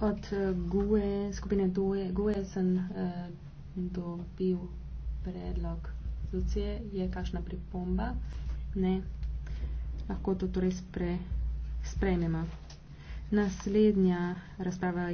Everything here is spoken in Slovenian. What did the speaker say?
od eh, GUE, skupine GUE, GUE sem uh, dobil predlog. Zdaj je kakšna pripomba? Ne. Lahko to torej spre, sprejmemo. Naslednja razprava je.